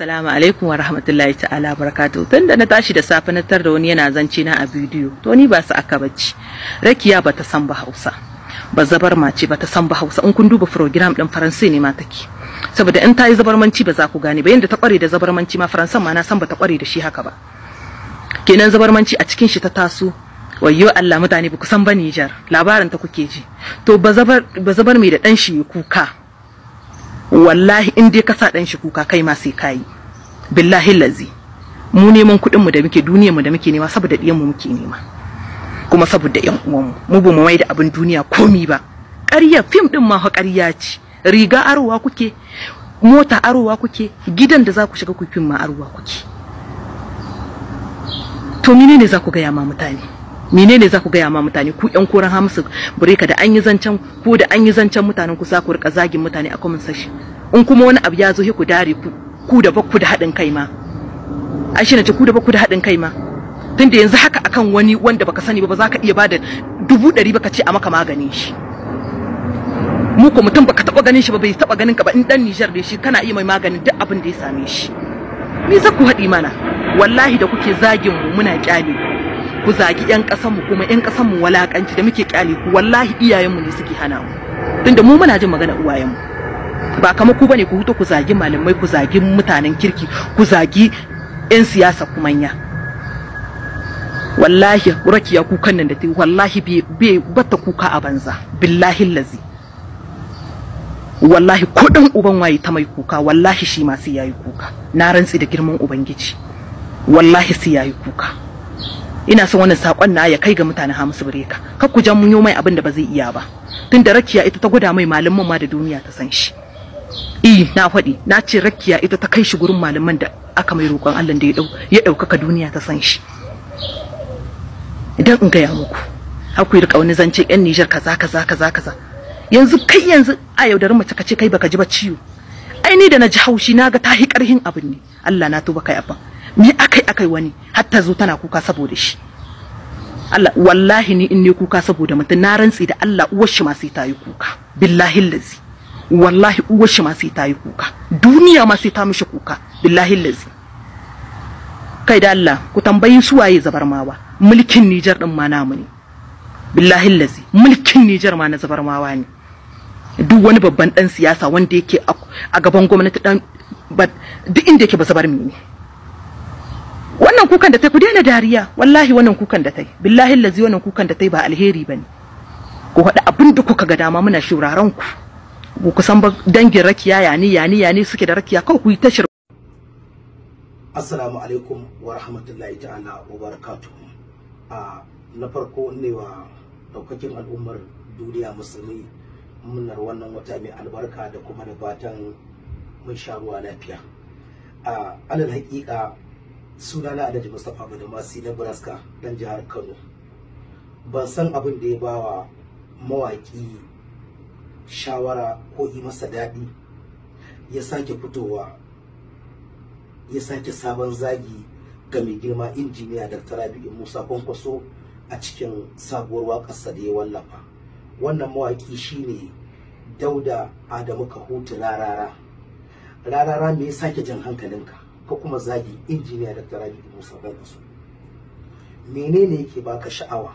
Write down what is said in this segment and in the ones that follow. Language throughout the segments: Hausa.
Assalamu alaikum wa rahmatullahi ta'ala barakatuhu tun da na tashi da safe na tar da wani yana zance na a bidiyo to ni ba su aka bacci rakiya ba ta san ba ba zabar mace ba ta san ba in kun duba program din Faransai ne ma take saboda in ta yi zabarmanci ba za ku gane ba yanda ta kware da zabarmanci ma Faransan ma na san ba ta kware da shi haka ba kenan zabarmanci a cikin shi ta taso wayyo Allah mutane ba ku san ba Nijar labarin ta kuke ji to ba zabar mai da dan shi kuka wallahi in dai ka sa dan shi kuka kai ma sai kayi billahi lazi mu neman kuɗin mu da muke duniyar mu da muke nema saboda diyan mu muke nema kuma saboda yan uwan mu mu ba mu mai da abin duniya komi ba ƙarya fim ɗin ma fa ƙarya ce riga arowa kuke mota arowa kuke gidan da za ku shiga ku fim ma arowa kuke to menene za ku gaya ma mutane menene za ku gaya ma mutane ku yan koran hamsu bureka da an yi zancen ku da an yi zancen mutanen ku za ku rika zagin mutane a kuma sashi in kuma wani abu ya zo ku dare ku ku da bakku da haɗin kai ma ai shi ce ku da bakku da haɗin kai ma tunda yanzu haka akan wani wanda baka sani ba ba za ka iya bada dubu ɗari baka ce a maka maganin shi mu ko mutum baka taba ganin shi ba bai taba ganin ka ba in dan Niger ne shi kana iya mai maganin duk abin da ya same shi me za ku haɗi mana wallahi da kuke zagin mu muna kyale ku zagi yan ƙasar mu kuma yan ƙasar mu walakanci da muke kyale ku wallahi iyayen mu ne suke hana mu tunda mu muna jin magana uwayen mu ba kamar ku bane ku huto ku zagi malamai ku zagi mutanen kirki ku zagi yan siyasa ku manya wallahi rakiya kukan nan da ta wallahi bai bata kuka a banza billahi lazi wallahi kudin uban waye ta mai kuka wallahi shi ma sai yayi kuka na rantsi da girman ubangiji wallahi sai yayi kuka ina son wannan sakon na ya kai ga mutanen Hamisu Bureka kar ku jan munyo mai abin da ba zai iya ba tun da rakiya ita ta gwada mai malaman ma da duniya ta san shi eh na faɗi na ce rakiya ita ta kai shi gurin malaman da aka mai roƙon Allah da ya ɗaukaka duniya ta san shi idan in gaya muku haku yi rika wani zance yan Nijar kaza kaza kaza kaza yanzu kai yanzu a yaudarin mace ka ce kai baka ji ba ciwo Aini da na ji haushi na ta hi karhin abin ne Allah na tuba kai abban ni akai akai wani har ta zo tana kuka saboda shi Allah wallahi ni in ne kuka saboda mutum na rantsi da Allah uwar shi ma sai ta yi kuka billahi lazi wallahi uwar shi ma sai ta yi kuka duniya ma sai ta mishi kuka billahi lazi kai da Allah ku tambayi su waye zabarmawa mulkin Nijar din ma namu ne billahi lazi mulkin Nijar ma na zabarmawa ne duk wani babban dan siyasa wanda yake a gaban gwamnati dan duk inda yake ba su bar ne. wannan kukan da ta ku daina dariya wallahi wannan kukan da ta yi billahi lazi wannan kukan da ta yi ba alheri ba ne ku haɗu abin da kuka ga dama muna shuraren ku ku kusan ba dangin rakiya yani yani yani suke da rakiya kawai ku yi tashir assalamu alaikum wa rahmatullahi ta'ala wa barakatuh a ah, na farko ne wa daukakin al'ummar duniya musulmi munar wannan wata mai albarka da kuma da fatan mun sha ruwa lafiya a alal haƙiƙa suna na adaji mustapha badamasi na buraska dan jihar kano ban san abin da ya ba wa mawaƙi shawara ko yi masa daɗi ya sake fitowa ya sake sabon zagi ga mai girma injiniya da in musa kwankwaso a cikin sabuwar waƙarsa da ya wallafa wannan mawaƙi shine dauda adamu ka kahutu rarara rarara me ya sake jan hankalinka ko kuma zagi injiniya da rabi musa Mene menene yake baka sha'awa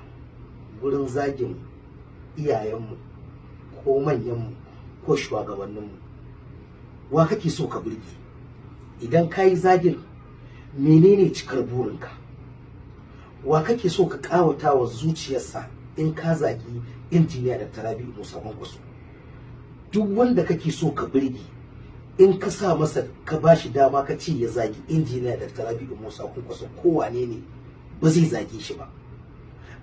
gurin zagin iyayenmu ko manyanmu ko shugabanninmu wa kake so ka burge idan ka yi zagin menene cikar burinka wa kake so ka ƙawata wa zuciyarsa in ka zagi injiniya da tarabi musa kwankwaso duk wanda kake so ka birge in ka sa masa ka bashi dama ka ce ya zagi injiniya da tarabi musa ko kowane ne ba zai zage shi ba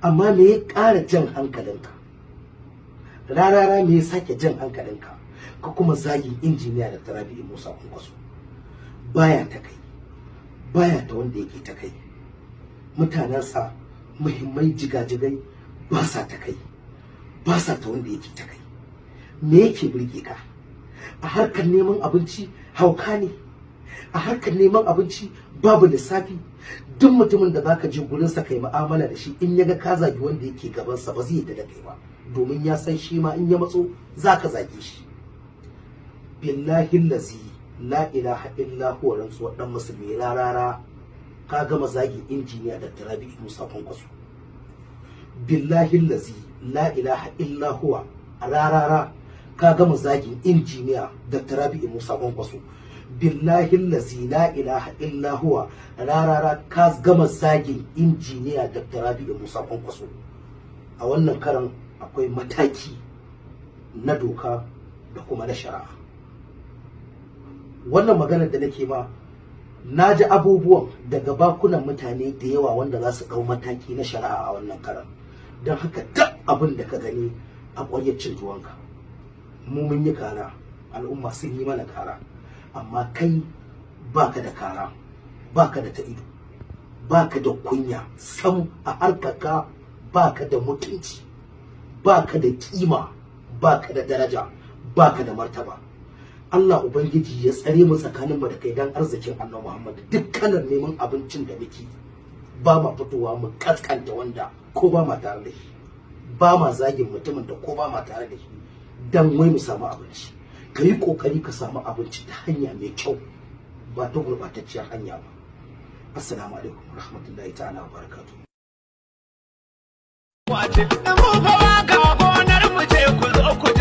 amma me ya ƙara jan hankalinka rarara me ya sake jan hankalinka ka kuma zagi injiniya da tarabi musa kwankwaso baya ta kai baya ta wanda yake ta kai mutanensa muhimmai jigajigai ba sa ta kai ba sa ta wanda yake ta kai me yake burge ka a harkar neman abinci hauka ne a harkar neman abinci babu lissafi duk mutumin da baka je gurin sa kai mu'amala da shi in ya ga ka zagi wanda yake gaban sa ba zai yadda da kai ba domin ya san shi ma in ya matso zaka zage shi billahi lazi la ilaha illa huwa rantsuwa dan musulmi rarara ka gama zagi injiniya da tarabi musa kwankwaso billahi lazi la ilaha illa huwa rarara ka gama zagin injiniya dr rabi'u musa kwankwaso billahi lazi la ilaha illa huwa rarara ka gama zagin injiniya dr rabi'u musa kwankwaso a wannan karan akwai mataki na doka da kuma na shari'a wannan maganar da nake ma na ji abubuwan daga bakunan mutane da yawa wanda za su ɗau mataki na shari'a a wannan karan don haka duk abin da ka gani a ƙwayyacin cin mu mun yi kara al'umma sun yi mana kara amma kai baka da kara baka da ta ido baka da kunya sam a harkaka baka da mutunci baka da kima baka da daraja baka da martaba Allah Ubangiji ya tsare mu tsakaninmu da kai dan arzikin Annabi Muhammad dukkanin neman abincin da muke ba ma fitowa mu kaskanta wanda ko ba ma tare da shi ba ma zagin mutumin da ko ba ma tare da shi dan wai mu samu abinci ka yi kokari ka samu abinci ta hanya mai kyau ba ta gurbatacciyar hanya ba assalamu alaikum rahmatullahi ta'ala wa barakatuh Wace mu